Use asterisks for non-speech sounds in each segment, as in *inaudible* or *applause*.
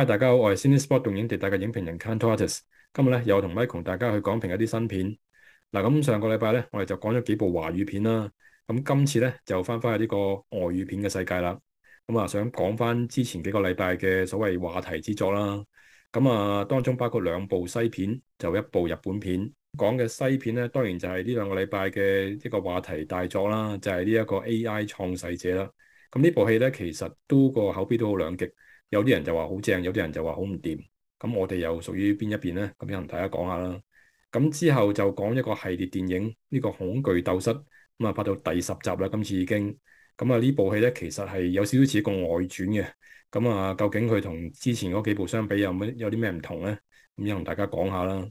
Hi，大家好，我係 Cinespot 動映地帶嘅影評人 Kantorates。今日咧又同 Michael 同大家去講評一啲新片。嗱，咁上個禮拜咧，我哋就講咗幾部華語片啦。咁今次咧就翻返去呢個外語片嘅世界啦。咁啊，想講翻之前幾個禮拜嘅所謂話題之作啦。咁啊，當中包括兩部西片，就一部日本片。講嘅西片咧，當然就係呢兩個禮拜嘅一個話題大作啦，就係呢一個 AI 創世者啦。咁呢部戲咧，其實都個口碑都好兩極。有啲人就話好正，有啲人就話好唔掂。咁我哋又屬於邊一邊呢？咁要同大家講下啦。咁之後就講一個系列電影，呢個《恐懼鬥室》咁啊拍到第十集啦。今次已經咁啊呢部戲咧，其實係有少少似一個外傳嘅。咁啊，究竟佢同之前嗰幾部相比有咩有啲咩唔同呢？咁要同大家講下啦。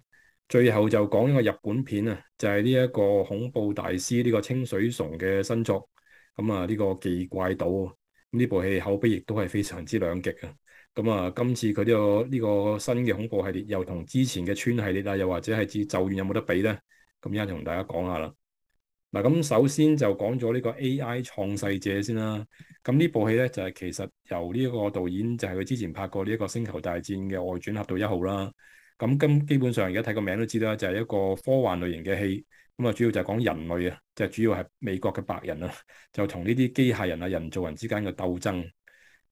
最後就講一個日本片啊，就係呢一個恐怖大師呢個清水崇嘅新作。咁啊呢個《忌怪島》。呢部戲口碑亦都係非常之兩極嘅，咁啊，今次佢呢個呢個新嘅恐怖系列，又同之前嘅村系列啦，又或者係至咒怨有冇得比咧？咁一陣同大家講下啦。嗱，咁首先就講咗呢個 A.I. 創世者先啦。咁呢部戲咧就係其實由呢一個導演就係佢之前拍過呢一個星球大戰嘅外傳俠盜一號啦。咁今基本上而家睇個名都知道啦，就係、是、一個科幻類型嘅戲。咁啊，主要就係講人類啊，就主要係美國嘅白人啊，就同呢啲機械人啊、人造人之間嘅鬥爭。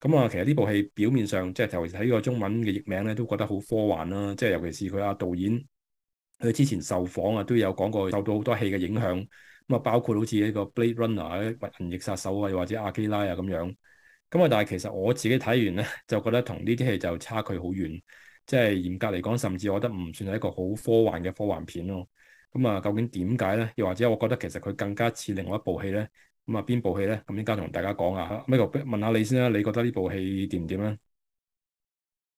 咁啊，其實呢部戲表面上即係頭先睇個中文嘅譯名咧，都覺得好科幻啦。即係尤其是佢啊導演，佢之前受訪啊都有講過受到好多戲嘅影響。咁啊，包括好似呢個 Blade Runner 啊、銀翼殺手啊，又或者阿基拉啊咁樣。咁啊，但係其實我自己睇完咧，就覺得同呢啲戲就差距好遠。即係嚴格嚟講，甚至我覺得唔算係一個好科幻嘅科幻片咯。咁啊，究竟點解咧？又或者我覺得其實佢更加似另外一部戲咧。咁啊，邊部戲咧？咁而家同大家講啊 Michael 問下你先啦。你覺得呢部戲掂唔掂咧？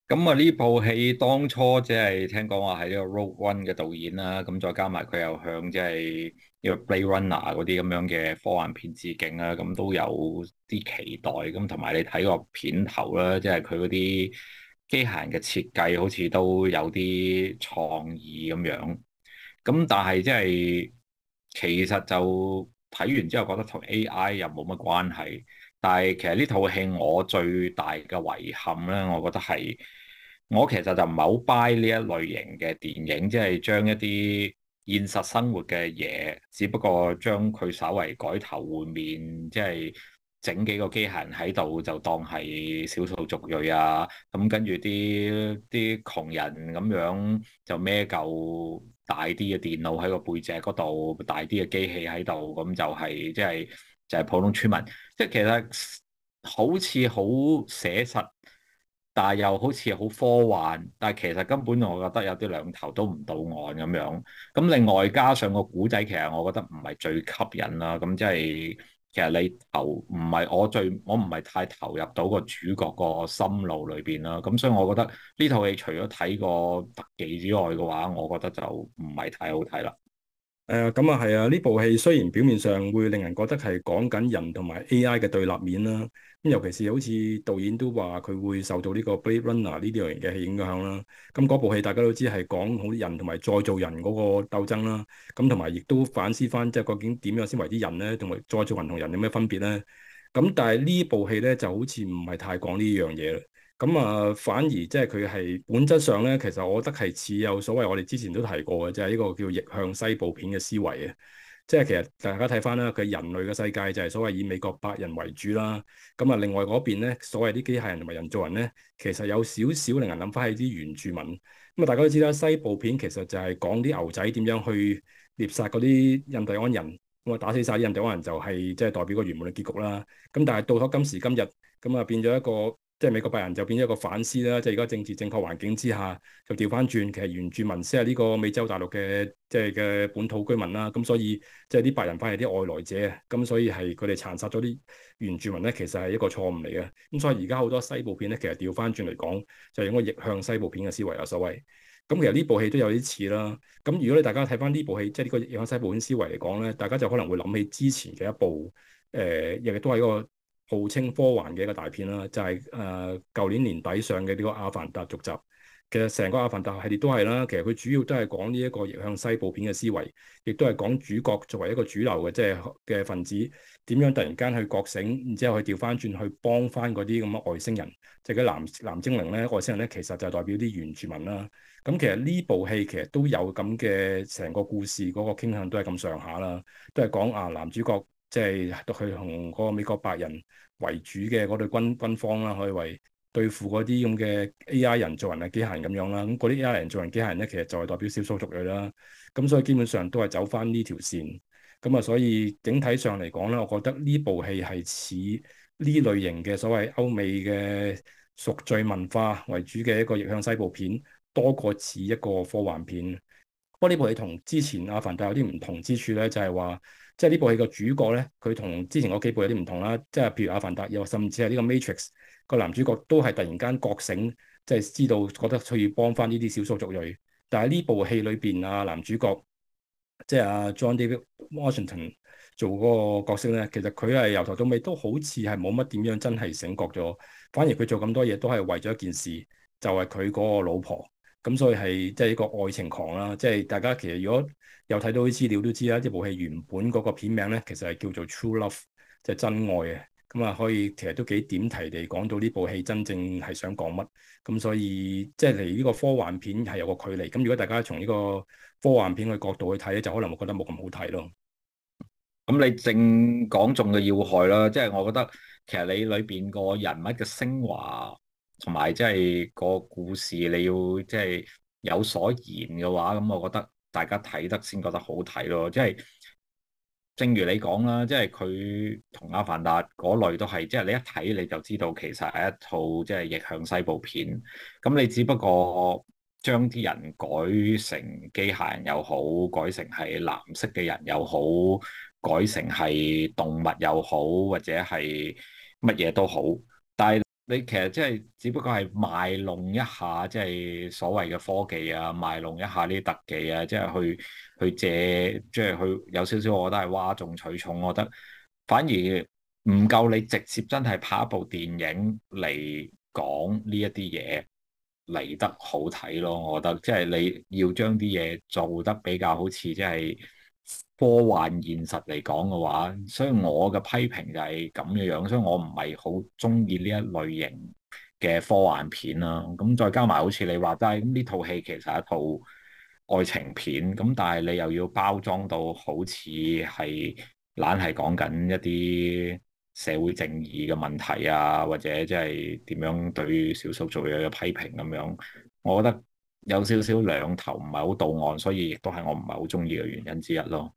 咁啊、嗯，呢部戲當初即、就、係、是、聽講話係呢個 Rogue One 嘅導演啦。咁再加埋佢又向即係呢個 Blade Runner 嗰啲咁樣嘅科幻片致敬啊，咁都有啲期待。咁同埋你睇個片頭啦，即係佢嗰啲機械人嘅設計，好似都有啲創意咁樣。咁、嗯、但係即係其實就睇完之後覺得同 A.I. 又冇乜關係。但係其實呢套戲我最大嘅遺憾咧，我覺得係我其實就唔係好 buy 呢一類型嘅電影，即係將一啲現實生活嘅嘢，只不過將佢稍為改頭換面，即係整幾個機械人喺度就當係少數族裔啊。咁跟住啲啲窮人咁樣就孭嚿。大啲嘅電腦喺個背脊嗰度，大啲嘅機器喺度，咁就係即係就係、就係、普通村民，即係其實好似好寫實，但係又好似好科幻，但係其實根本我覺得有啲兩頭都唔到岸咁樣。咁另外加上個古仔，其實我覺得唔係最吸引啦。咁即係。其實你投唔係我最，我唔係太投入到個主角個心路裏邊啦，咁所以我覺得呢套戲除咗睇過特技之外嘅話，我覺得就唔係太好睇啦。誒咁啊係啊！呢部戲雖然表面上會令人覺得係講緊人同埋 AI 嘅對立面啦，咁尤其是好似導演都話佢會受到呢個《Blade Runner》呢啲類型嘅戲影響啦。咁嗰部戲大家都知係講好人同埋再造人嗰個鬥爭啦。咁同埋亦都反思返，即係究竟點樣先為啲人咧，同埋再造人同人有咩分別咧？咁、嗯、但係呢部戲咧就好似唔係太講呢樣嘢。咁啊，反而即係佢係本質上咧，其實我覺得係似有所謂我哋之前都提過嘅，就係呢個叫逆向西部片嘅思維啊！即係其實大家睇翻啦，佢人類嘅世界就係所謂以美國白人為主啦。咁啊，另外嗰邊咧，所謂啲機械人同埋人造人咧，其實有少少令人諗翻起啲原住民。咁啊，大家都知啦，西部片其實就係講啲牛仔點樣去獵殺嗰啲印第安人，咁啊打死晒啲印第安人就係即係代表個完滿嘅結局啦。咁但係到咗今時今日，咁啊變咗一個。即係美國白人就變咗一個反思啦，即係而家政治正確環境之下，就調翻轉，其實原住民先係呢個美洲大陸嘅即係嘅本土居民啦。咁所以即係啲白人反而係啲外來者。咁所以係佢哋殘殺咗啲原住民咧，其實係一個錯誤嚟嘅。咁所以而家好多西部片咧，其實調翻轉嚟講，就用個逆向西部片嘅思維有有啦。所謂咁其實呢部戲都有啲似啦。咁如果你大家睇翻呢部戲，即係呢個逆向西部片思維嚟講咧，大家就可能會諗起之前嘅一部誒，亦、呃、都係一個。號稱科幻嘅一個大片啦，就係誒舊年年底上嘅呢個《阿凡達》續集。其實成個《阿凡達》系列都係啦，其實佢主要都係講呢一個逆向西部片嘅思維，亦都係講主角作為一個主流嘅即係嘅分子，點樣突然間去覺醒，然之後去調翻轉去幫翻嗰啲咁嘅外星人，即係啲藍藍精靈咧，外星人咧其實就係代表啲原住民啦。咁其實呢部戲其實都有咁嘅成個故事嗰個傾向都係咁上下啦，都係講啊男主角。即係佢同嗰個美國白人為主嘅嗰隊軍軍方啦，可以為對付嗰啲咁嘅 AI 人造人嘅機械人咁樣啦。咁嗰啲 AI 人造人機械人咧，其實就係代表少數族裔啦。咁所以基本上都係走翻呢條線。咁啊，所以整體上嚟講咧，我覺得呢部戲係似呢類型嘅所謂歐美嘅贖罪文化為主嘅一個逆向西部片，多過似一個科幻片。不過呢部戲同之前阿凡達有啲唔同之處咧，就係話。即係呢部戲個主角咧，佢同之前嗰幾部有啲唔同啦。即係譬如阿凡達，又甚至係呢個 Matrix 個男主角都係突然間覺醒，即係知道覺得佢要幫返呢啲少數族裔。但係呢部戲裏邊啊，男主角即係阿 John David Washington 做嗰個角色咧，其實佢係由頭到尾都好似係冇乜點樣真係醒覺咗，反而佢做咁多嘢都係為咗一件事，就係佢嗰個老婆。咁所以係即係一個愛情狂啦，即係大家其實如果有睇到啲資料都知啦，即部戲原本嗰個片名咧其實係叫做《True Love》，即係真愛嘅。咁啊，可以其實都幾點題地講到呢部戲真正係想講乜。咁所以即係嚟呢個科幻片係有個距離。咁如果大家從呢個科幻片嘅角度去睇咧，就可能我覺得冇咁好睇咯。咁你正講中嘅要害啦，即係我覺得其實你裏邊個人物嘅昇華。同埋即係個故事，你要即係有所言嘅話，咁我覺得大家睇得先覺得好睇咯。即係正如你講啦，即係佢同阿凡達嗰類都係，即係你一睇你就知道其實係一套即係逆向西部片。咁你只不過將啲人改成機械人又好，改成係藍色嘅人又好，改成係動物又好，或者係乜嘢都好，但係，你其實即係只不過係賣弄一下，即係所謂嘅科技啊，賣弄一下呢啲特技啊，即係去去借即係去有少少，我覺得係嘩眾取寵。我覺得反而唔夠你直接真係拍一部電影嚟講呢一啲嘢嚟得好睇咯。我覺得即係你要將啲嘢做得比較好似即係。科幻現實嚟講嘅話，所以我嘅批評就係咁嘅樣，所以我唔係好中意呢一類型嘅科幻片啦、啊。咁再加埋好似你話齋，咁呢套戲其實係一套愛情片，咁但係你又要包裝到好似係，懶係講緊一啲社會正義嘅問題啊，或者即係點樣對少數族裔嘅批評咁樣，我覺得。有少少兩頭唔係好到岸，所以亦都係我唔係好中意嘅原因之一咯。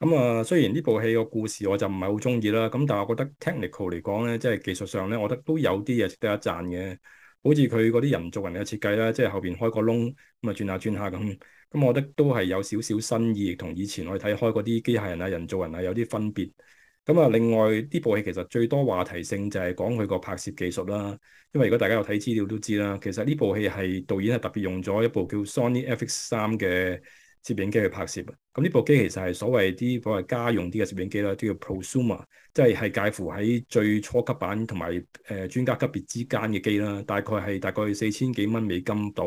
咁啊、嗯，雖然呢部戲個故事我就唔係好中意啦，咁但係我覺得 technical 嚟講咧，即係技術上咧，我覺得都有啲嘢，值得一讚嘅。好似佢嗰啲人造人嘅設計啦，即係後邊開個窿，咁啊轉下轉下咁，咁、嗯、我覺得都係有少少新意，同以前我哋睇開嗰啲機械人啊、人造人啊有啲分別。咁啊，另外呢部戲其實最多話題性就係講佢個拍攝技術啦。因為如果大家有睇資料都知啦，其實呢部戲係導演係特別用咗一部叫 Sony FX 三嘅攝影機去拍攝。咁、嗯、呢部機其實係所謂啲所謂家用啲嘅攝影機啦，都叫 Prosumer，即係係介乎喺最初級版同埋誒專家級別之間嘅機啦。大概係大概四千幾蚊美金到。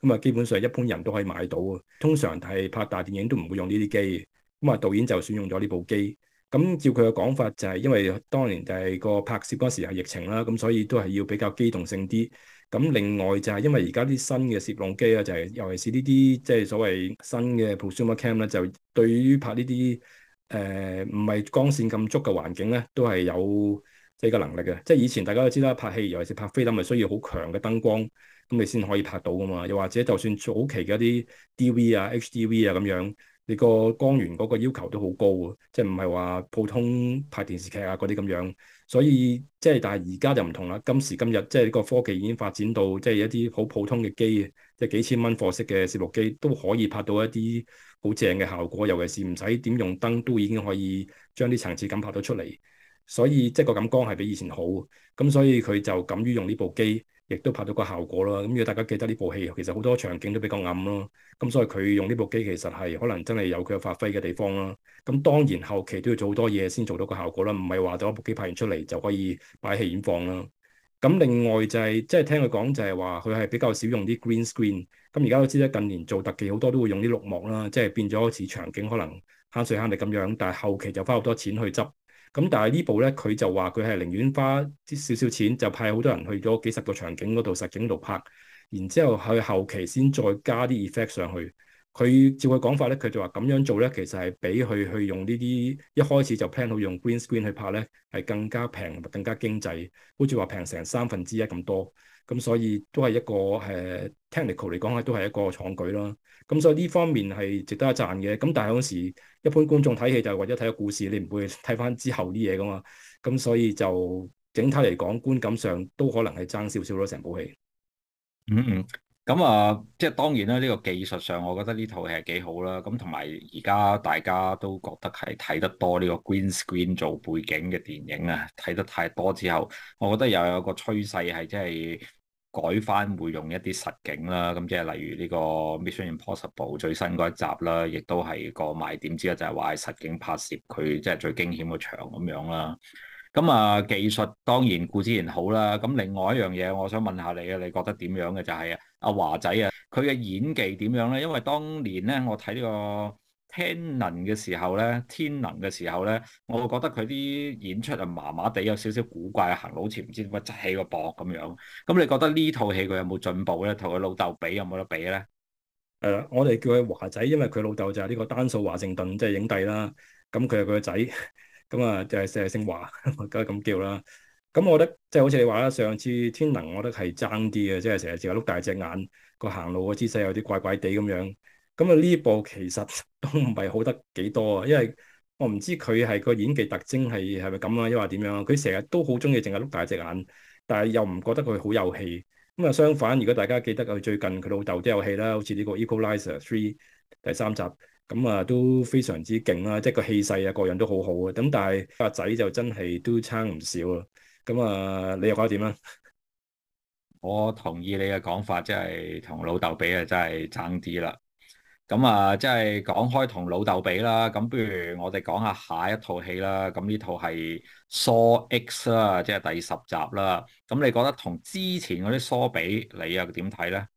咁啊，基本上一般人都可以買到啊。通常係拍大電影都唔會用呢啲機。咁啊，導演就選用咗呢部機。咁照佢嘅講法就係因為當年就係個拍攝嗰陣時係疫情啦、啊，咁所以都係要比較機動性啲。咁另外就係因為而家啲新嘅攝錄機啊，就係、是、尤其是呢啲即係所謂新嘅 prosumer cam 咧，就，是、cam，就對於拍呢啲誒唔係光線咁足嘅環境咧，都係有即係個能力嘅。即係以前大家都知啦，拍戲，尤其是拍菲林，係需要好強嘅燈光，咁你先可以拍到噶嘛。又或者就算早期嘅啲 DV 啊、HDV 啊咁樣。你個光源嗰個要求都好高嘅，即係唔係話普通拍電視劇啊嗰啲咁樣，所以即係但係而家就唔同啦。今時今日即呢個科技已經發展到即係一啲好普通嘅機，即係幾千蚊貨色嘅攝錄機都可以拍到一啲好正嘅效果，尤其是唔使點用燈都已經可以將啲層次感拍到出嚟，所以即係個感光係比以前好。咁所以佢就敢於用呢部機。亦都拍到個效果啦，咁如果大家記得呢部戲其實好多場景都比較暗咯，咁所以佢用呢部機其實係可能真係有佢嘅發揮嘅地方啦。咁當然後期都要做好多嘢先做到個效果啦，唔係話就一部機拍完出嚟就可以擺戲院放啦。咁另外就係，即係聽佢講就係話佢係比較少用啲 green screen，咁而家都知咧近年做特技好多都會用啲綠幕啦，即係變咗好似場景可能慳水慳力咁樣，但係後期就花好多錢去執。咁但係呢部咧，佢就話佢係寧願花啲少少錢，就派好多人去咗幾十個場景嗰度實景度拍，然之後去後期先再加啲 effect 上去。佢照佢講法咧，佢就話咁樣做咧，其實係比佢去用呢啲一開始就 plan 好用 green screen 去拍咧，係更加平更加經濟，好似話平成三分之一咁多。咁所以都係一個誒、uh, technical 嚟講，都係一個創舉啦。咁所以呢方面係值得一讚嘅。咁但係有時一般觀眾睇戲就係為咗睇個故事，你唔會睇翻之後啲嘢㗎嘛。咁所以就整體嚟講，觀感上都可能係爭少少咯。成部戲，嗯嗯，咁、嗯、啊，即係當然啦。呢、這個技術上，我覺得呢套戲係幾好啦。咁同埋而家大家都覺得係睇得多呢、這個 green screen 做背景嘅電影啊，睇得太多之後，我覺得又有個趨勢係即係。改翻會用一啲實景啦，咁即係例如呢個 Mission Impossible 最新嗰一集啦，亦都係個賣點之一，就係話實景拍攝佢即係最驚險嘅場咁樣啦。咁啊，技術當然固之然好啦。咁另外一樣嘢，我想問下你啊，你覺得點樣嘅就係啊，阿華仔啊，佢嘅演技點樣咧？因為當年咧，我睇呢個天能嘅時候咧，天能嘅時候咧，我覺得佢啲演出啊麻麻地，有少少古怪，行路似唔知點解起個膊咁樣。咁你覺得呢套戲佢有冇進步咧？同佢老豆比有冇得比咧？誒、呃，我哋叫佢華仔，因為佢老豆就係呢個丹素華盛頓即係、就是、影帝啦。咁佢係佢個仔，咁 *laughs* 啊就係四日姓華，梗係咁叫啦。咁我覺得即係、就是、好似你話啦，上次天能我覺得係爭啲嘅，即係成日自己碌大隻眼，個行路嘅姿勢有啲怪怪地咁樣。咁啊呢部其實都唔係好得幾多啊，因為我唔知佢係個演技特徵係係咪咁啊，抑或點樣，佢成日都好中意淨係碌大隻眼，但係又唔覺得佢好有氣。咁、嗯、啊相反，如果大家記得佢最近佢老豆都有戲啦，好似呢個 Equalizer Three 第三集，咁、嗯、啊、嗯、都非常之勁啦，即係個氣勢啊，各樣都好好啊。咁、嗯、但係個仔就真係都差唔少啊。咁、嗯、啊、嗯，你又覺得點啊？我同意你嘅講法，即係同老豆比啊，真係爭啲啦。咁啊，即係講開同老豆比啦，咁不如我哋講一下下一套戲啦。咁呢套係《Saw X》啦，即係第十集啦。咁你覺得同之前嗰啲《Saw》比，你又點睇咧？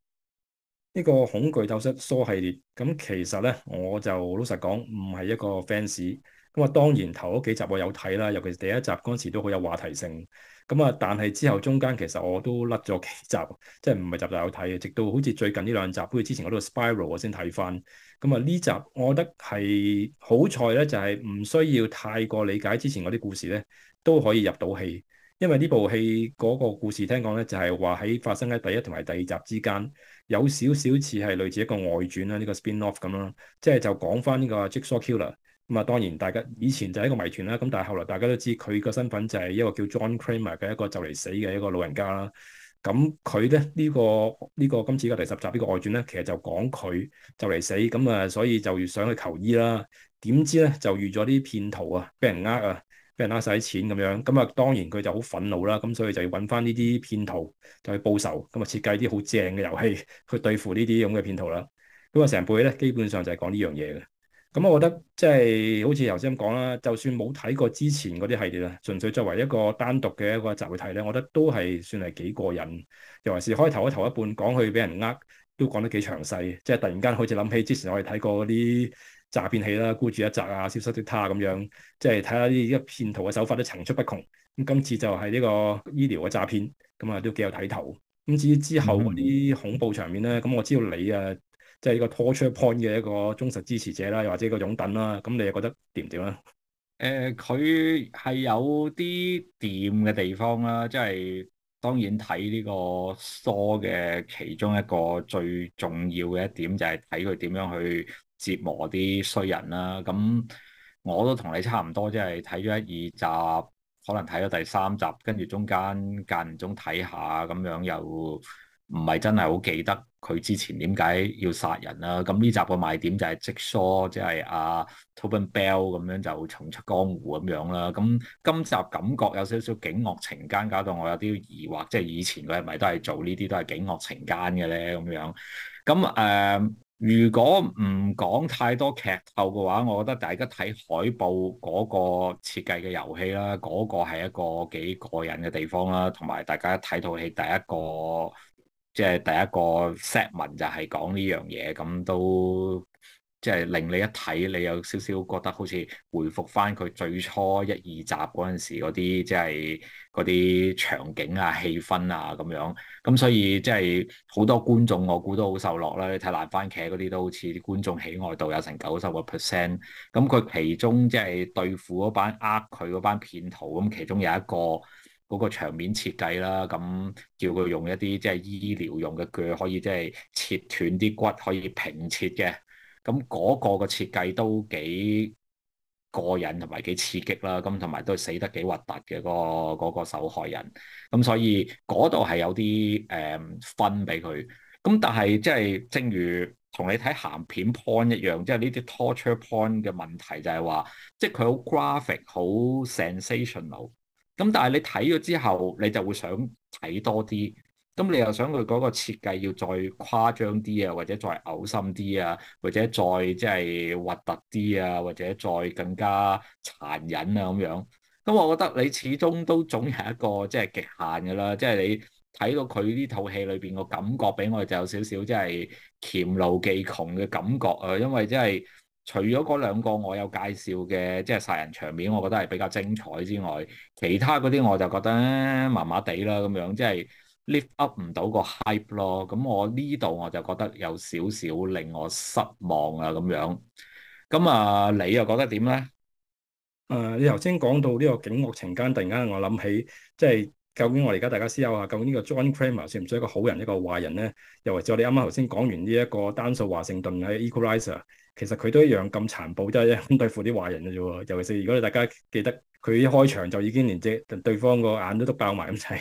呢個恐懼鬥室《Saw》系列，咁其實咧，我就老實講，唔係一個 fans。咁啊，當然頭幾集我有睇啦，尤其是第一集嗰陣時都好有話題性。咁啊，但係之後中間其實我都甩咗幾集，即係唔係集集有睇嘅。直到好似最近呢兩集，好似之前嗰套 sp《Spiral》我先睇翻。咁啊，呢集我覺得係好彩咧，就係、是、唔需要太過理解之前嗰啲故事咧，都可以入到戲。因為呢部戲嗰個故事聽講咧，就係話喺發生喺第一同埋第二集之間，有少少似係類似一個外傳啦，呢、這個 sp《Spin Off》咁樣，即係就講翻呢個《Jigsaw Killer》。咁啊、嗯，當然大家以前就係一個謎團啦。咁但係後來大家都知佢個身份就係一個叫 John Kramer 嘅一個就嚟死嘅一個老人家啦。咁佢咧呢、呢個呢、呢個今次嘅第十集呢個外傳咧，其實就講佢就嚟死。咁、嗯啊，啊，嗯、啊，所以就越想去求醫啦。點知咧就遇咗啲騙徒啊，俾人呃啊，俾人呃晒啲錢咁樣。咁啊，當然佢就好憤怒啦。咁所以就要揾翻呢啲騙徒，就去報仇。咁、嗯、啊，設計啲好正嘅遊戲去對付呢啲咁嘅騙徒啦。咁啊，成部戲咧基本上就係講呢樣嘢嘅。咁我覺得即係好似頭先咁講啦，就算冇睇過之前嗰啲系列啦，純粹作為一個單獨嘅一個集去睇咧，我覺得都係算係幾過癮。尤其是開頭一頭一半講佢俾人呃，都講得幾詳細。即係突然間好似諗起之前我哋睇過嗰啲詐騙戲啦，孤注一擲啊，消失的她咁樣，即係睇下呢一騙徒嘅手法都層出不窮。咁今次就係呢個醫療嘅詐騙，咁啊都幾有睇頭。咁至於之後嗰啲恐怖場面咧，咁、mm hmm。我知道你啊～即係呢個 torture porn 嘅一個忠實支持者啦，又或者一個擁躉啦，咁你又覺得掂唔掂？啊、呃？誒，佢係有啲掂嘅地方啦，即係當然睇呢個 Saw 嘅其中一個最重要嘅一點就係睇佢點樣去折磨啲衰人啦。咁我都同你差唔多，即係睇咗一二集，可能睇咗第三集，跟住中間間唔中睇下咁樣，又唔係真係好記得。佢之前點解要殺人啦、啊？咁呢集嘅賣點就係 Jigsaw，即係啊 Tobin Bell 咁樣就重出江湖咁樣啦、啊。咁今集感覺有少少警惡懲奸，搞到我有啲疑惑，即係以前佢係咪都係做呢啲都係警惡懲奸嘅咧？咁樣咁誒、呃，如果唔講太多劇透嘅話，我覺得大家睇海報嗰個設計嘅遊戲啦，嗰、那個係一個幾過癮嘅地方啦，同埋大家睇套戲第一個。即係第一個 set 文就係講呢樣嘢，咁都即係令你一睇，你有少少覺得好似回覆翻佢最初一二集嗰陣時嗰啲即係嗰啲場景啊、氣氛啊咁樣。咁所以即係好多觀眾我估都，都好受落啦。你睇《爛番茄》嗰啲都好似啲觀眾喜愛度有成九十個 percent。咁佢其中即係對付嗰班呃佢嗰班騙徒，咁其中有一個。嗰個場面設計啦，咁叫佢用一啲即係醫療用嘅鋸，可以即係切斷啲骨，可以平切嘅。咁嗰個嘅設計都幾過癮，同埋幾刺激啦。咁同埋都係死得幾核突嘅嗰個受害人。咁所以嗰度係有啲誒分俾佢。咁但係即係正如同你睇鹹片 point 一樣，即係呢啲 torture point 嘅問題就係話，即係佢好 graphic，好 sensational。咁但係你睇咗之後，你就會想睇多啲。咁你又想佢嗰個設計要再誇張啲啊，或者再嘔心啲啊，或者再即係核突啲啊，或者再更加殘忍啊咁樣。咁我覺得你始終都總係一個即係極限㗎啦。即係你睇到佢呢套戲裏邊個感覺，俾我就有少少即係黔驢技窮嘅感覺啊。因為即係。除咗嗰兩個我有介紹嘅，即係殺人場面，我覺得係比較精彩之外，其他嗰啲我就覺得麻麻地啦，咁樣即係 lift up 唔到個 hype 咯。咁我呢度我就覺得有少少令我失望啊，咁樣。咁啊，你又覺得點咧？誒、啊，你頭先講到呢個警惡懲奸，突然間我諗起即係。究竟我哋而家大家思考下，究竟呢個 John Kramer 算唔算一個好人，一個壞人咧？又或者我哋啱啱頭先講完呢一個丹素華盛頓喺 Equalizer，其實佢都一樣咁殘暴，都係一樣咁對付啲壞人嘅啫。尤其是如果你大家記得佢一開場就已經連隻對，對方個眼都篤爆埋咁滯，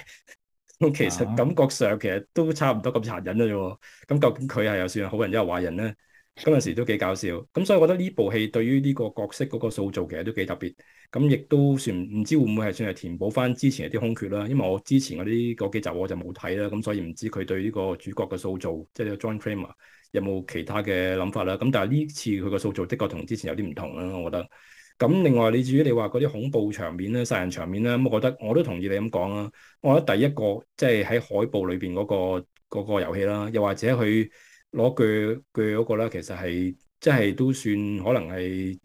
咁 *laughs* 其實感覺上其實都差唔多咁殘忍嘅啫。咁究竟佢係又算係好人，一壞人，又係壞人咧？嗰陣時都幾搞笑，咁所以我覺得呢部戲對於呢個角色嗰個塑造其實都幾特別，咁亦都算唔知會唔會係算係填補翻之前啲空缺啦。因為我之前嗰啲嗰幾集我就冇睇啦，咁所以唔知佢對呢個主角嘅塑造，即係 John Kramer 有冇其他嘅諗法啦。咁但係呢次佢個塑造的確同之前有啲唔同啦，我覺得。咁另外你至於你話嗰啲恐怖場面啦、殺人場面啦，咁我覺得我都同意你咁講啦。我覺得第一個即係喺海報裏邊嗰個嗰個遊戲啦，又或者佢。攞鋸鋸嗰個咧，其實係即係都算可能係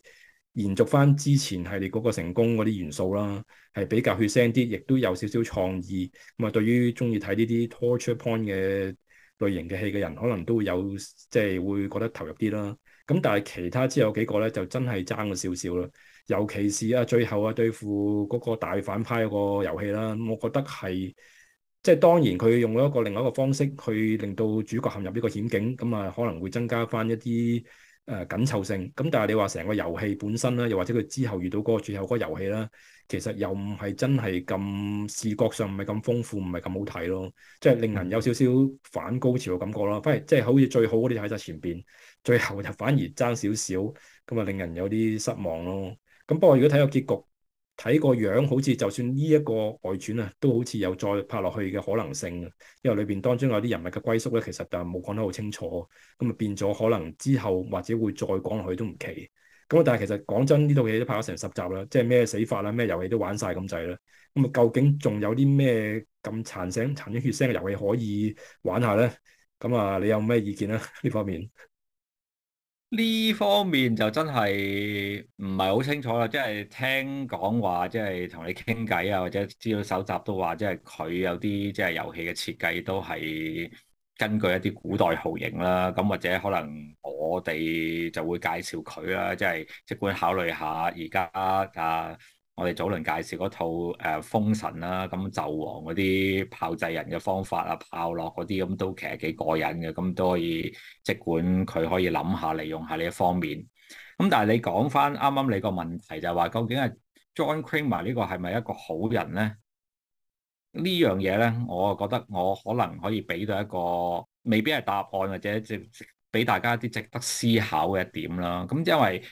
延續翻之前系列嗰個成功嗰啲元素啦，係比較血腥啲，亦都有少少創意。咁啊，對於中意睇呢啲 Torture point 嘅類型嘅戲嘅人，可能都會有即係會覺得投入啲啦。咁但係其他之後幾個咧，就真係爭咗少少啦。尤其是啊，最後啊，對付嗰個大反派個遊戲啦，我覺得係。即係當然，佢用咗一個另外一個方式去令到主角陷入呢個險境，咁啊可能會增加翻一啲誒緊湊性。咁但係你話成個遊戲本身啦，又或者佢之後遇到嗰個最後嗰個遊戲啦，其實又唔係真係咁視覺上唔係咁豐富，唔係咁好睇咯。即係令人有少少反高潮嘅感覺咯。反而即係好似最好嗰啲就喺晒前邊，最後就反而差少少，咁啊令人有啲失望咯。咁不過如果睇個結局。睇個樣好似就算呢一個外傳啊，都好似有再拍落去嘅可能性。因為裏邊當中有啲人物嘅歸宿咧，其實就冇講得好清楚。咁啊變咗可能之後或者會再講落去都唔奇。咁但係其實講真呢套戲都拍咗成十集啦，即係咩死法啦，咩遊戲都玩晒咁滯啦。咁啊究竟仲有啲咩咁殘醒殘聲血腥嘅遊戲可以玩下咧？咁啊你有咩意見咧？呢 *laughs* 這方面？ *laughs* 呢方面就真係唔係好清楚啦，即係聽講話，即係同你傾偈啊，或者資料搜集都話，即係佢有啲即係遊戲嘅設計都係根據一啲古代酷刑啦。咁或者可能我哋就會介紹佢啦，即係即管考慮下而家啊。我哋早輪介紹嗰套誒《封神》啦，咁《紂王》嗰啲炮製人嘅方法啊，炮落嗰啲咁都其實幾過癮嘅，咁都可以即管佢可以諗下利用下呢一方面。咁但係你講翻啱啱你個問題就係話，究竟係 John Kramer 呢個係咪一個好人咧？樣呢樣嘢咧，我覺得我可能可以俾到一個未必係答案，或者即俾大家一啲值得思考嘅一點啦。咁因為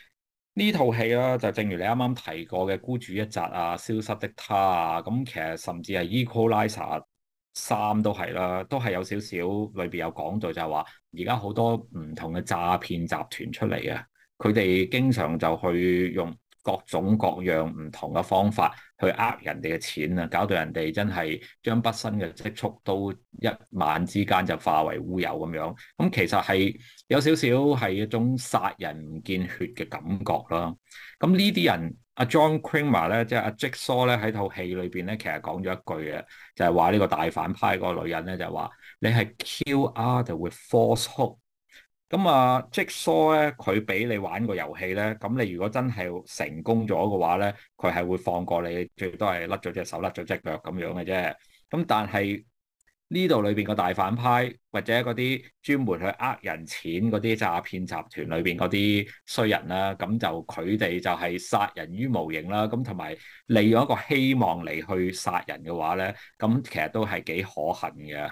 呢套戲啦，就正如你啱啱提過嘅《孤注一擲》啊，《消失的她》啊，咁其實甚至係《Equalizer 三》都係啦，都係有少少裏邊有講到，就係話而家好多唔同嘅詐騙集團出嚟啊，佢哋經常就去用各種各樣唔同嘅方法。去呃人哋嘅錢啊，搞到人哋真係將畢生嘅積蓄都一晚之間就化為烏有咁樣，咁其實係有少少係一種殺人唔見血嘅感覺啦。咁呢啲人，阿 John Kramer 咧，即係阿 Jigsaw 咧，喺套戲裏邊咧，其實講咗一句嘅，就係話呢個大反派個女人咧，就話你係 QR l 就會 force hook 咁啊，即疏咧，佢俾你玩個遊戲咧。咁你如果真係成功咗嘅話咧，佢係會放過你，最多係甩咗隻手、甩咗隻腳咁樣嘅啫。咁但係呢度裏邊個大反派，或者嗰啲專門去呃人錢嗰啲詐騙集團裏邊嗰啲衰人啦，咁就佢哋就係殺人於無形啦。咁同埋利用一個希望嚟去殺人嘅話咧，咁其實都係幾可恨嘅。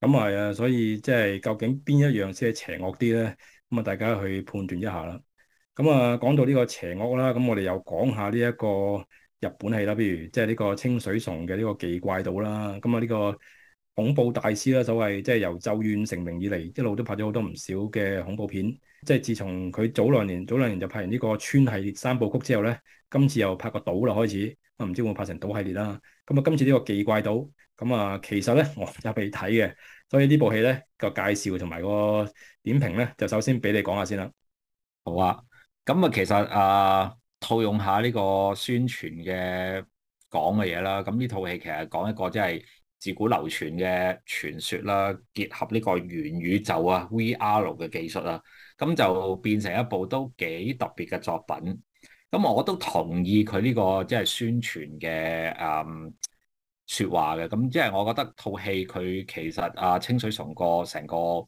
咁係啊，所以即係究竟邊一樣先係邪惡啲咧？咁、嗯、啊，大家去判斷一下啦。咁、嗯、啊，講到呢個邪惡啦，咁、嗯、我哋又講下呢一個日本戲啦，譬如即係呢個清水崇嘅呢個島《忌怪島》啦、嗯。咁啊，呢個。恐怖大師啦，所謂即係由咒怨成名以嚟，一路都拍咗好多唔少嘅恐怖片。即係自從佢早兩年、早兩年就拍完呢個村系列三部曲之後咧，今次又拍個島啦，開始。啊，唔知會唔會拍成島系列啦？咁啊，今次呢個忌怪島，咁啊，其實咧我也未睇嘅，所以呢部戲咧個介紹同埋個點評咧，就首先俾你講下先啦。好啊，咁啊，其實啊，套用下呢個宣傳嘅講嘅嘢啦。咁呢套戲其實講一個即係。就是自古流傳嘅傳說啦，結合呢個元宇宙啊 VR 嘅技術啦，咁就變成一部都幾特別嘅作品。咁我都同意佢呢個即係宣傳嘅誒説話嘅。咁即係我覺得套戲佢其實啊，清水崇個成個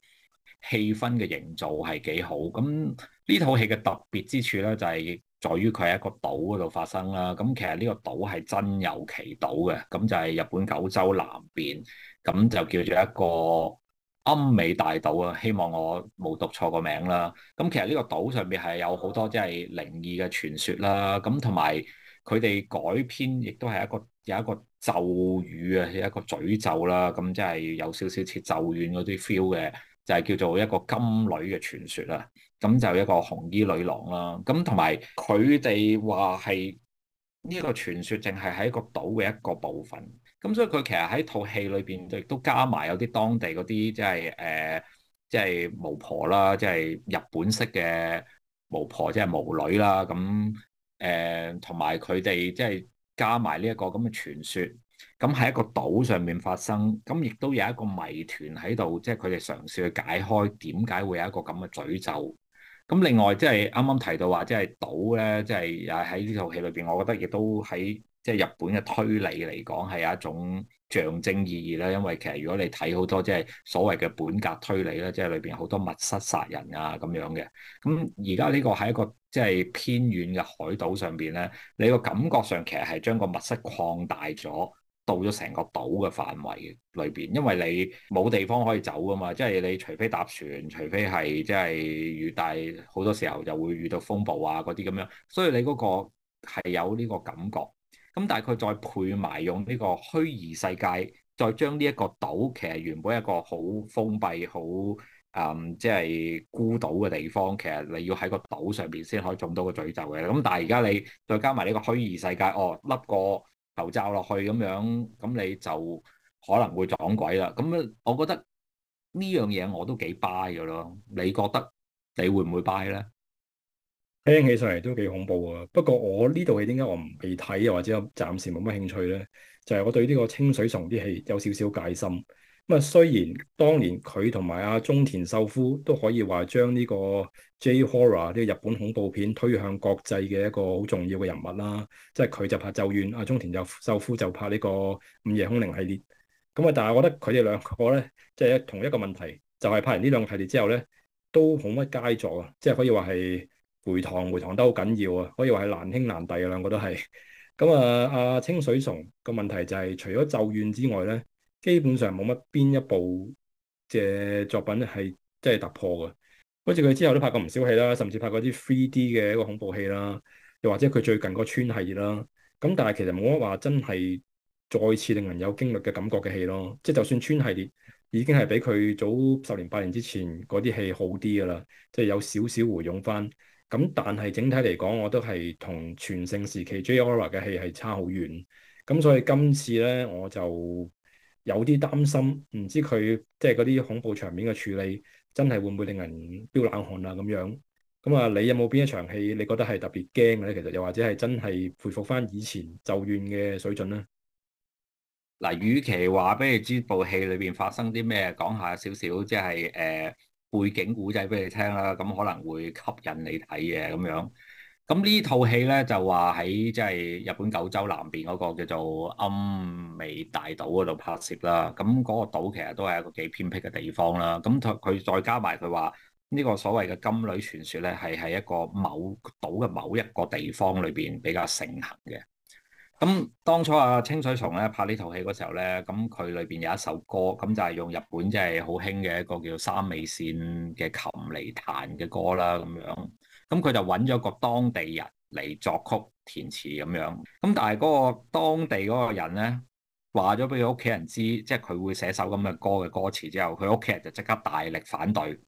氣氛嘅營造係幾好。咁呢套戲嘅特別之處咧就係。在於佢喺一個島嗰度發生啦，咁其實呢個島係真有其島嘅，咁就係日本九州南邊，咁就叫做一個奄美大島啊。希望我冇讀錯個名啦。咁其實呢個島上邊係有好多即係靈異嘅傳說啦，咁同埋佢哋改編亦都係一個有一個咒語啊，有一個詛咒啦，咁即係有少少似咒怨嗰啲 feel 嘅，就係、是、叫做一個金女嘅傳說啦。咁就一個紅衣女郎啦，咁同埋佢哋話係呢個傳說，淨係喺一個島嘅一個部分。咁所以佢其實喺套戲裏邊，亦都加埋有啲當地嗰啲即係誒，即係巫婆啦，即係日本式嘅巫婆，即係巫女啦。咁誒同埋佢哋即係加埋呢一個咁嘅傳說，咁喺一個島上面發生，咁亦都有一個謎團喺度，即係佢哋嘗試去解開點解會有一個咁嘅詛咒。咁另外即係啱啱提到話，即係島咧，即係又喺呢套戲裏邊，我覺得亦都喺即係日本嘅推理嚟講係有一種象徵意義啦。因為其實如果你睇好多即係所謂嘅本格推理啦，即係裏邊好多密室殺人啊咁樣嘅。咁而家呢個喺一個即係偏遠嘅海島上邊咧，你個感覺上其實係將個密室擴大咗。到咗成個島嘅範圍裏邊，因為你冇地方可以走噶嘛，即係你除非搭船，除非係即係遇大，好多時候就會遇到風暴啊嗰啲咁樣，所以你嗰個係有呢個感覺。咁但係佢再配埋用呢個虛擬世界，再將呢一個島其實原本一個好封閉、好誒即係孤島嘅地方，其實你要喺個島上邊先可以中到個詛咒嘅。咁但係而家你再加埋呢個虛擬世界，哦，笠個，頭罩落去咁樣，咁你就可能會撞鬼啦。咁咧，我覺得呢樣嘢我都幾 buy 噶咯。你覺得你會唔會 buy 咧？聽起上嚟都幾恐怖啊！不過我呢套戲點解我唔未睇又或者我暫時冇乜興趣咧？就係、是、我對呢個清水崇啲戲有少少戒心。咁啊，雖然當年佢同埋阿中田秀夫都可以話將呢個 J Horror 呢個日本恐怖片推向國際嘅一個好重要嘅人物啦，即係佢就拍咒怨，阿中田就秀夫就拍呢個午夜凶鈴系列。咁啊，但係我覺得佢哋兩個咧，即係同一個問題，就係拍完呢兩個系列之後咧，都冇乜佳作啊，即係可以話係回塘、回塘都好緊要啊，可以話係難兄難弟啊，兩個都係。咁啊，阿清水崇個問題就係除咗咒怨之外咧。基本上冇乜邊一部嘅作品係真係突破嘅，好似佢之後都拍過唔少戲啦，甚至拍過啲 three D 嘅一個恐怖戲啦，又或者佢最近個村系列啦，咁但係其實冇乜話真係再次令人有驚慄嘅感覺嘅戲咯，即係就算村系列已經係比佢早十年八年之前嗰啲戲好啲噶啦，即係有少少回勇翻，咁但係整體嚟講，我都係同全盛時期 J·O·R·A 嘅戲係差好遠，咁所以今次咧我就。有啲擔心，唔知佢即係嗰啲恐怖場面嘅處理，真係會唔會令人飆冷汗啦、啊、咁樣？咁啊，你有冇邊一場戲你覺得係特別驚嘅咧？其實又或者係真係回復翻以前咒怨嘅水準咧？嗱，與其話俾你知部戲裏邊發生啲咩，講下少少即係誒背景古仔俾你聽啦，咁可能會吸引你睇嘅咁樣。咁呢套戲咧就話喺即係日本九州南邊嗰、嗰個叫做奄美大島嗰度拍攝啦。咁嗰個島其實都係一個幾偏僻嘅地方啦。咁佢佢再加埋佢話呢個所謂嘅金女傳說咧，係喺一個某島嘅某一個地方裏邊比較盛行嘅。咁當初阿、啊、清水崇咧拍呢套戲嗰時候咧，咁佢裏邊有一首歌，咁就係用日本即係好興嘅一個叫三味線嘅琴嚟彈嘅歌啦，咁樣。咁佢、嗯、就揾咗個當地人嚟作曲填詞咁樣，咁但係嗰個當地嗰個人咧話咗俾佢屋企人知，即係佢會寫首咁嘅歌嘅歌詞之後，佢屋企人就即刻大力反對，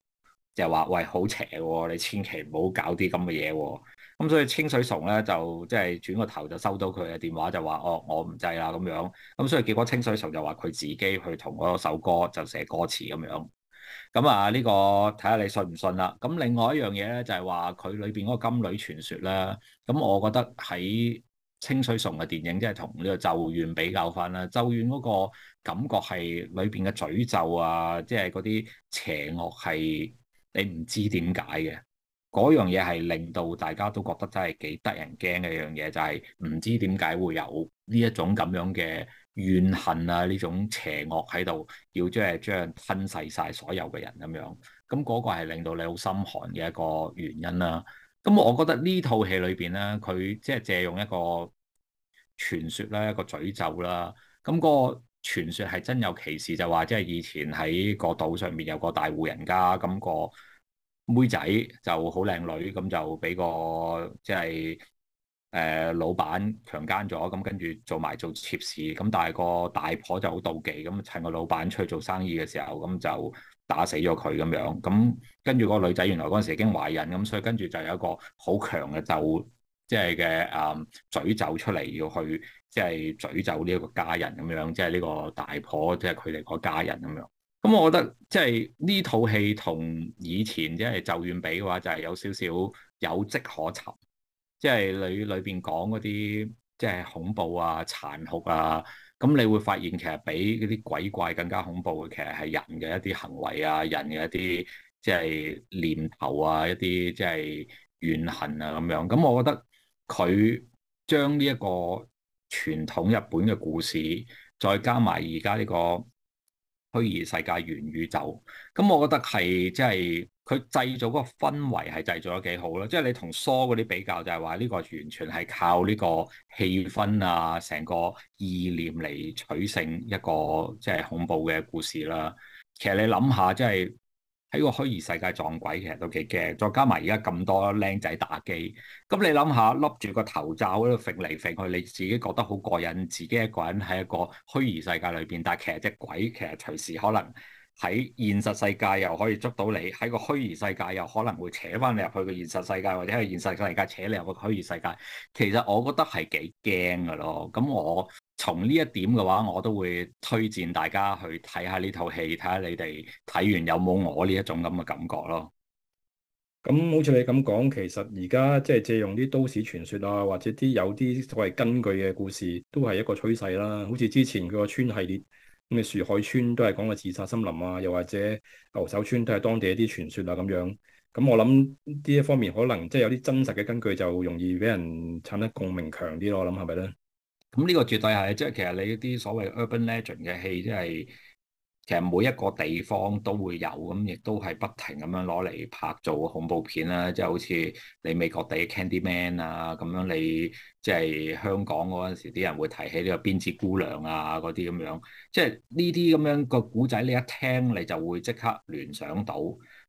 就話喂，好邪喎，你千祈唔好搞啲咁嘅嘢喎。咁、嗯、所以清水崇咧就即係、就是、轉個頭就收到佢嘅電話就，就話哦我唔制啦咁樣。咁、嗯、所以結果清水崇就話佢自己去同嗰首歌就寫歌詞咁樣。咁啊，呢個睇下你信唔信啦。咁另外一樣嘢咧，就係話佢裏邊嗰個金女傳説啦。咁我覺得喺清水崇嘅電影，即係同呢個咒怨比較翻啦。咒怨嗰個感覺係裏邊嘅詛咒啊，即係嗰啲邪惡係你唔知點解嘅。嗰樣嘢係令到大家都覺得真係幾得人驚嘅一樣嘢，就係唔知點解會有呢一種咁樣嘅。怨恨啊呢種邪惡喺度，要即係將吞噬晒所有嘅人咁樣，咁嗰個係令到你好心寒嘅一個原因啦、啊。咁我覺得裡呢套戲裏邊咧，佢即係借用一個傳說啦，一個詛咒啦。咁、那、嗰個傳說係真有其事就，就話即係以前喺個島上面有個大戶人家，咁、那個妹仔就好靚女，咁就俾個即係。誒、呃、老闆強姦咗，咁跟住做埋做妾侍，咁但係個大婆就好妒忌，咁趁個老闆出去做生意嘅時候，咁、嗯、就打死咗佢咁樣。咁跟住個女仔原來嗰陣時已經懷孕，咁所以跟住就有一個好強嘅咒，即係嘅誒詛咒出嚟，要去即係詛咒呢一個家人咁樣，即係呢個大婆，即係佢哋個家人咁樣。咁我覺得即係呢套戲同以前即係《咒怨》比嘅話，就係、是、有少少有跡可尋。即係裏裏邊講嗰啲，即係、即係、恐怖啊、殘酷啊，咁你會發現其實比嗰啲鬼怪更加恐怖嘅，其實係人嘅一啲行為啊、人嘅一啲即係念頭啊、一啲即係怨恨啊咁樣。咁我覺得佢將呢一個傳統日本嘅故事，再加埋而家呢個虛擬世界元宇宙，咁我覺得係即係。即係佢製造嗰個氛圍係製造得幾好咯，即係你同 Saw 嗰啲比較就，就係話呢個完全係靠呢個氣氛啊，成個意念嚟取勝一個即係、就是、恐怖嘅故事啦。其實你諗下，即係喺個虛擬世界撞鬼，其實都幾驚。再加埋而家咁多靚仔打機，咁你諗下，笠住個頭罩喺度揈嚟揈去，你自己覺得好過癮，自己一個人喺一個虛擬世界裏邊，但係其實隻鬼其實隨時可能。喺現實世界又可以捉到你，喺個虛擬世界又可能會扯翻你入去個現實世界，或者喺現實世界扯你入個虛擬世界。其實我覺得係幾驚噶咯。咁我從呢一點嘅話，我都會推薦大家去睇下呢套戲，睇下你哋睇完有冇我呢一種咁嘅感覺咯。咁、嗯、好似你咁講，其實而家即係借用啲都市傳說啊，或者啲有啲所謂根據嘅故事，都係一個趨勢啦、啊。好似之前佢個村系列。咁樹海村都係講個自殺森林啊，又或者牛首村都係當地一啲傳說啊，咁樣。咁我諗呢一方面可能即係有啲真實嘅根據，就容易俾人產得共鳴強啲咯。我諗係咪咧？咁呢個絕對係，即係其實你啲所謂 urban legend 嘅戲，即係。其實每一個地方都會有，咁亦都係不停咁樣攞嚟拍做恐怖片啦，即係好似你美國地 Candyman 啊，咁樣你即係、就是、香港嗰陣時啲人會提起呢個辮子姑娘啊嗰啲咁樣，即係呢啲咁樣個古仔，你一聽你就會即刻聯想到。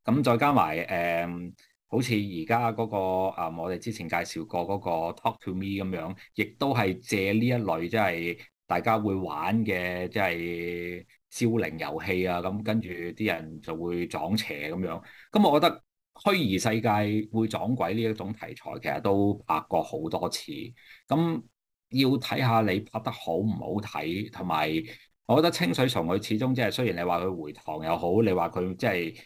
咁再加埋誒、嗯，好似而家嗰個啊、嗯，我哋之前介紹過嗰個 Talk to Me 咁樣，亦都係借呢一類即係、就是、大家會玩嘅即係。就是招靈遊戲啊，咁跟住啲人就會撞邪咁樣，咁我覺得虛擬世界會撞鬼呢一種題材，其實都拍過好多次。咁要睇下你拍得好唔好睇，同埋我覺得清水崇佢始終即係雖然你話佢回塘又好，你話佢即係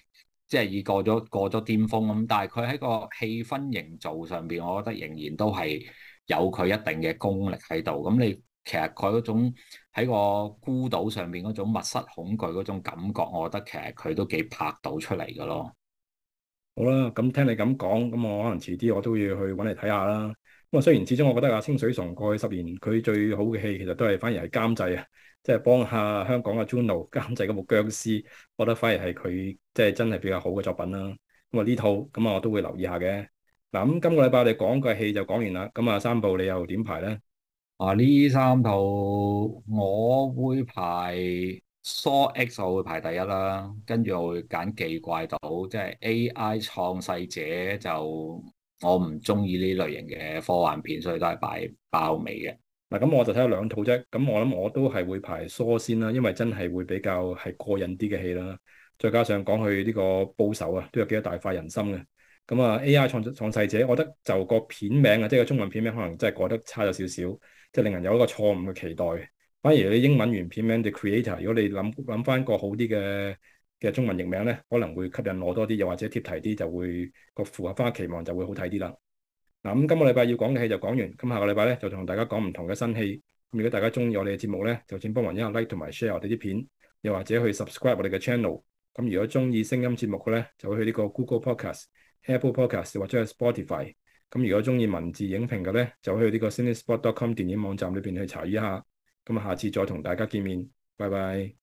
即係已過咗過咗巔峯咁，但係佢喺個氣氛營造上邊，我覺得仍然都係有佢一定嘅功力喺度。咁你。其實佢嗰種喺個孤島上面嗰種密室恐懼嗰種感覺，我覺得其實佢都幾拍到出嚟噶咯。好啦，咁聽你咁講，咁我可能遲啲我都要去揾嚟睇下啦。咁啊，雖然始終我覺得啊，清水崇過去十年佢最好嘅戲其實都係反而係監製啊，即係幫下香港啊 Juno 監製嗰部僵屍，我覺得反而係佢即係真係比較好嘅作品啦。咁啊呢套咁啊我都會留意下嘅。嗱咁今個禮拜我哋講嘅戲就講完啦。咁啊三部你又點排咧？啊！呢三套我會排《Saw X》，我會排第一啦。跟住我會揀《忌怪島》，即係 A.I. 創世者就我唔中意呢類型嘅科幻片，所以都係擺爆尾嘅。嗱，咁、啊、我就睇咗兩套啫。咁我諗我都係會排 Saw 先啦，因為真係會比較係過癮啲嘅戲啦。再加上講佢呢個報仇啊，都有幾多大快人心嘅。咁啊，A.I. 創創世者，我覺得就個片名啊，即係個中文片名，可能真係改得差咗少少。即係令人有一個錯誤嘅期待，反而你英文原片名 The Creator，如果你諗諗翻個好啲嘅嘅中文譯名咧，可能會吸引我多啲，又或者貼題啲，就會個符合翻期望，就會好睇啲啦。嗱，咁今個禮拜要講嘅戲就講完，咁下個禮拜咧就同大家講唔同嘅新戲。咁如果大家中意我哋嘅節目咧，就請幫忙一下 Like 同埋 Share 我哋啲片，又或者去 Subscribe 我哋嘅 channel。咁如果中意聲音節目嘅咧，就會去呢個 Google Podcast、Apple Podcast 或者係 Spotify。咁如果鍾意文字影評嘅咧，就去呢個 Cinespot.com 電影網站裏邊去查閱一下。咁下次再同大家見面，拜拜。